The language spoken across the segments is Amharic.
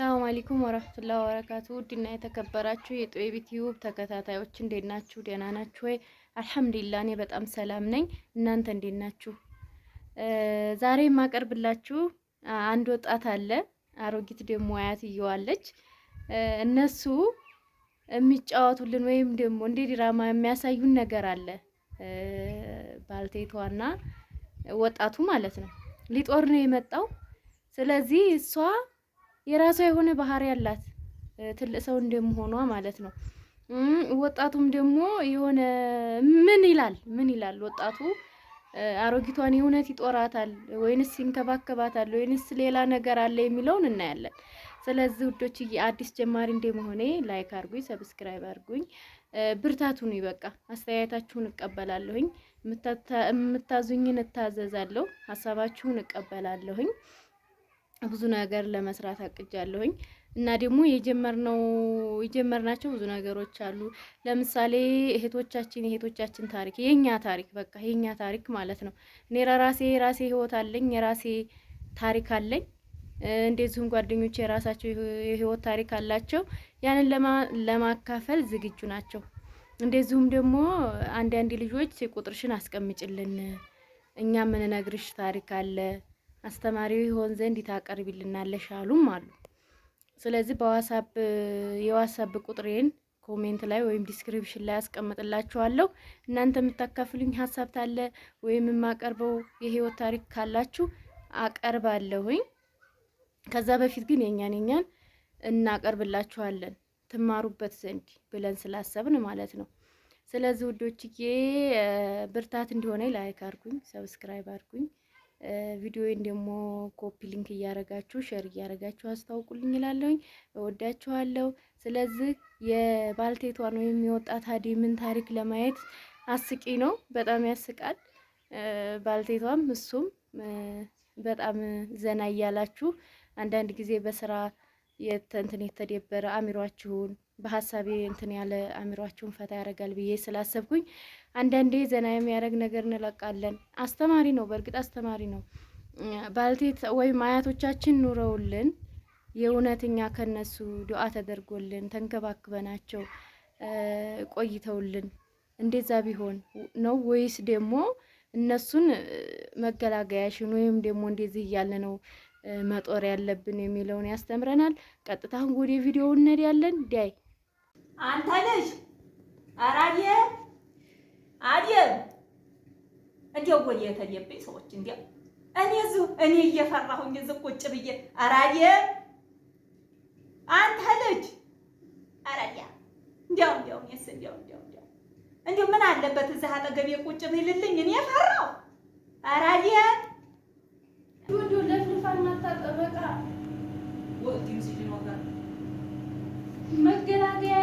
ሰላም አለይኩም ወራህመቱላሂ ወበረካቱ። ውድና የተከበራችሁ የጦቢት ዩቲዩብ ተከታታዮች እንዴት ናችሁ? ደህና ናችሁ ወይ? አልሐምዱሊላህ እኔ በጣም ሰላም ነኝ። እናንተ እንዴት ናችሁ? ዛሬ የማቀርብላችሁ አንድ ወጣት አለ፣ አሮጊት ደግሞ አያት አለች። እነሱ የሚጫወቱልን ወይም ደግሞ እንደ ድራማ የሚያሳዩን ነገር አለ። ባልቴቷና ወጣቱ ማለት ነው። ሊጦር ነው የመጣው። ስለዚህ እሷ የራሷ የሆነ ባህሪ ያላት ትልቅ ሰው እንደመሆኗ ማለት ነው። ወጣቱም ደግሞ የሆነ ምን ይላል ምን ይላል ወጣቱ አሮጊቷን የእውነት ይጦራታል ወይንስ ይንከባከባታል ወይንስ ሌላ ነገር አለ የሚለውን እናያለን። ስለዚህ ውዶች አዲስ ጀማሪ እንደመሆኔ ላይክ አርጉኝ፣ ሰብስክራይብ አርጉኝ፣ ብርታቱን ይበቃ። አስተያየታችሁን እቀበላለሁኝ፣ የምታዙኝን እታዘዛለሁ፣ ሀሳባችሁን እቀበላለሁኝ። ብዙ ነገር ለመስራት አቅጃለሁኝ እና ደግሞ የጀመርነው የጀመርናቸው ብዙ ነገሮች አሉ። ለምሳሌ እህቶቻችን የእህቶቻችን ታሪክ የኛ ታሪክ በቃ የኛ ታሪክ ማለት ነው። እኔ ራሴ የራሴ ህይወት አለኝ፣ የራሴ ታሪክ አለኝ። እንደዚሁም ጓደኞች የራሳቸው የህይወት ታሪክ አላቸው። ያንን ለማካፈል ዝግጁ ናቸው። እንደዚሁም ደግሞ አንዳንድ ልጆች ቁጥርሽን አስቀምጭልን እኛ የምንነግርሽ ታሪክ አለ አስተማሪው ይሆን ዘንድ ታቀርቢልናለሽ አሉም አሉ። ስለዚህ በዋትሳፕ የዋትሳፕ ቁጥሬን ኮሜንት ላይ ወይም ዲስክሪፕሽን ላይ አስቀምጥላችኋለሁ። እናንተ የምታካፍሉኝ ሀሳብ ታለ ወይም የማቀርበው የህይወት ታሪክ ካላችሁ አቀርባለሁኝ። ከዛ በፊት ግን የኛን የኛን እናቀርብላችኋለን ትማሩበት ዘንድ ብለን ስላሰብን ማለት ነው። ስለዚህ ውዶችዬ ብርታት እንዲሆነ ላይክ አርጉኝ፣ ሰብስክራይብ አርጉኝ። ወይም ደግሞ ኮፒ ሊንክ እያረጋችሁ ሼር እያረጋችሁ አስታውቁልኝ እላለሁኝ። እወዳችኋለሁ። ስለዚህ የባልቴቷን ወይም የወጣት አዲምን ታሪክ ለማየት አስቂ ነው፣ በጣም ያስቃል። ባልቴቷም እሱም በጣም ዘና እያላችሁ አንዳንድ ጊዜ በስራ የተንትን የተደበረ አሚሯችሁን በሀሳቤ እንትን ያለ አእምሯችሁን ፈታ ያደርጋል ብዬ ስላሰብኩኝ አንዳንዴ ዘና የሚያደርግ ነገር እንለቃለን። አስተማሪ ነው፣ በእርግጥ አስተማሪ ነው። ባልቴት ወይም አያቶቻችን ኑረውልን የእውነትኛ ከነሱ ዱዓ ተደርጎልን ተንከባክበናቸው ቆይተውልን እንደዛ ቢሆን ነው ወይስ ደግሞ እነሱን መገላገያሽን ወይም ደግሞ እንደዚህ እያለ ነው መጦር ያለብን የሚለውን ያስተምረናል። ቀጥታ ወደ ቪዲዮ እንሄዳለን ዲያይ አንተ ልጅ ኧረ አድየም አድየም እንደው ወዲያ ሰዎች እንዴ እኔ እዚሁ እኔ እየፈራሁኝ እዚህ ቁጭ ብዬ ኧረ አንተ ልጅ ኧረ እንዴው እንዴው እንዲያው እኔስ እንዴው እንዴው እንዲያው እንዲያው ምን አለበት እዚህ አጠገቤ ቁጭ ብልልኝ እኔ ፈራሁ። ኧረ አድየም እንዲሁ ለፍልፋል ማታ ጠበቃ ሲል ነው ጋር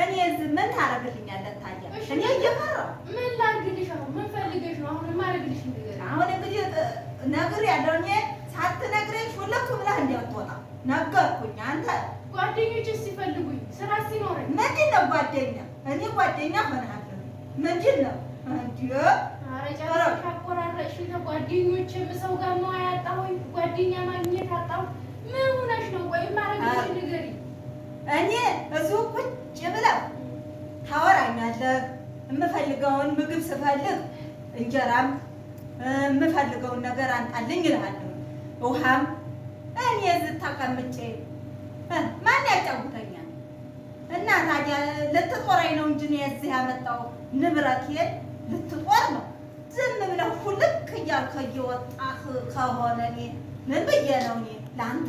እኔ ምን ታደርግልኛለህ? ታያ እኔ እየፈራሁ ምን ላድርግልሽ? አሁን ምን ፈልገሽ ነው? አሁን ማድረግልሽ ንገሪኝ። አሁን እንግዲህ ነግሬያለሁ። እኔ ሳትነግረኝ ሁለቱም ብለህ እንዳትወጣ ነገርኩኝ። አንተ ጓደኞች ሲፈልጉኝ ስራ ሲኖረኝ ምንድን ነው ጓደኛ? እኔ ጓደኛ ሆናለሁ። ምንድን ነው እንዲህ አረጫ አቆራረጥሽ? ጓደኞች ሰው ጋር ነው ያጣሁኝ ጓደኛ እኔ እዚሁ ቁጭ ብለው ታወራኛለህ። የምፈልገውን ምግብ ስፈልግ እንጀራም የምፈልገውን ነገር አንጣልኝ እልሃለሁ፣ ውሃም። እኔ እዚህ ተቀምጬ ማን ያጫውተኛል? እና ታዲያ ልትጦረኝ ነው እንጂ የዚህ ያመጣው ንብረቴን ልትጦር ነው? ዝም ብለህ ሁልክ እያልክ እየወጣህ ከሆነ እኔ ምን ብዬ ነው እኔ ለአንተ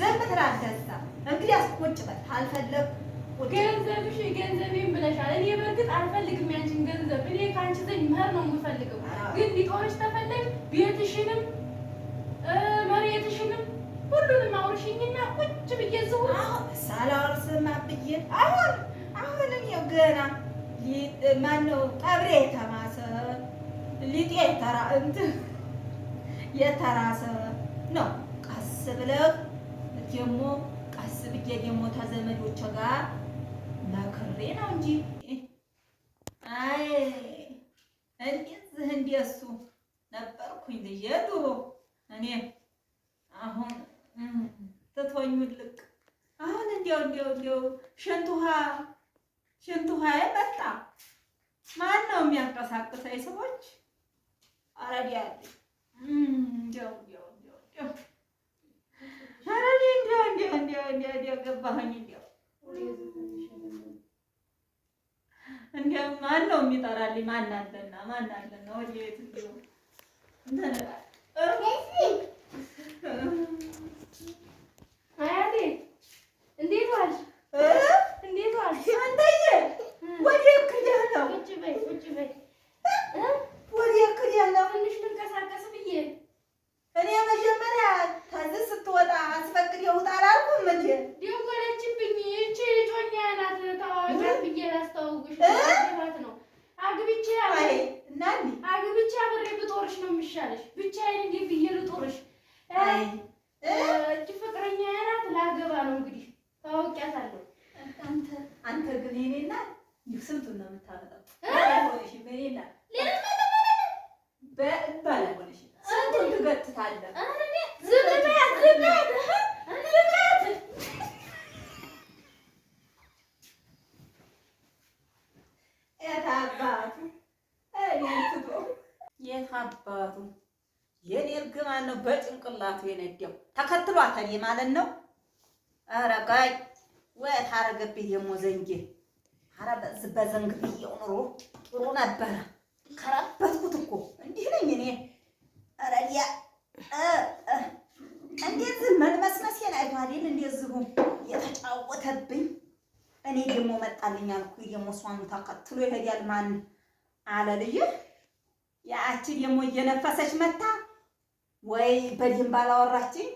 ዘንብ ትላለህ። እዛ እንግዲህ አስቆጭ በል አልፈለግም። ገንዘብሽ ገንዘቤን ብለሻል። እኔ በእርግጥ አልፈልግም ያንቺን ገንዘብ። እኔ ከአንቺ ዘንድ መኸር ነው የምፈልገው። ግን ሊጦርሽ ተፈለግ ቤትሽንም መሬትሽንም ሁሉንም አውርሽኝና ቁጭ ብዬ ዝሁ ሳላወርስማ ብዬ አሁን አሁንም ያው ገና ማነው ቀብሬ የተማሰ ሊጤ የተራ እንትን የተራሰ ነው ቀስ ብለው ደግሞ ቀስ ብዬ ደግሞ ተዘመዶች ጋር መክሬ ነው እንጂ አይ እንደዚህ እንደሱ ነበርኩኝ ልዬ ድሮ እኔ አሁን ትቶኙ ልቅ አሁን እንዲያው እንዲያው እንዲያው ሽንት ውሃ ሽንት ውሃ መጣ። ማን ነው የሚያንቀሳቅሰኝ? ሰዎች አረዲያ እንዲያው እንዲያው እንዲያው እንዲያው ማን ነው የሚጠራልኝ? ማን አለና ማን አለና ወዴት እንዴት ብቻዬን እንዴት ብዬ ልጦርሽ? እጅ ፍቅረኛ ያላት ላገባ ነው እንግዲህ ታውቂያታለሁ። አንተ ግን የእኔ ስንቱን ነው የምታመጣው? ሆነሽ ሌላ በባል ሆነሽ ስንቱን ትገጥታለህ የነደው ተከትሏታል ማለት ነው። ኧረ ቆይ ወይ ታረገብኝ ደግሞ ዘንጌ። ኧረ በዘንግ ብዬው ኑሮ ጥሩ ነበረ። ከረበትኩት እኮ እንዲህ ነኝ እኔ። ኧረ ያ እንደዚህ መልመስመሴን አይቶ አይደል እንደዚሁ የተጫወተብኝ። እኔ ደግሞ መጣልኝ አልኩ። ደግሞ እሷኑ ተከትሎ ይሄዳል። ማን አለ ልጅ ያቺ ደግሞ እየነፈሰች መታ ወይ በደንብ አላወራችኝ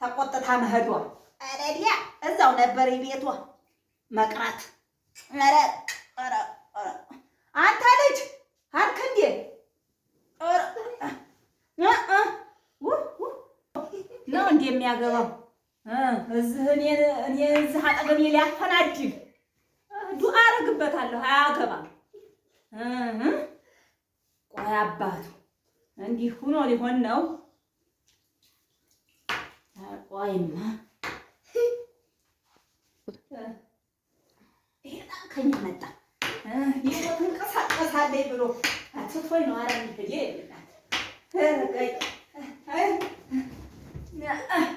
ተቆጥታ መሄዷ አረዲያ እዛው ነበር ቤቷ መቅራት። ኧረ ኧረ ኧረ አንተ ልጅ አልክ እንዴ? ነው እንዴ የሚያገባው እዚህ እኔ እዚህ አጠገቤ ሊያፈናድል ዱአ አደርግበታለሁ። አያገባም። ቆይ አባቱ እንዲህ ሁኖ ሊሆን ነው ቆይማ ይሄ ከኛ መጣ ትንቀሳቀሳለች ብሎ ትቶኝ ነው። አረ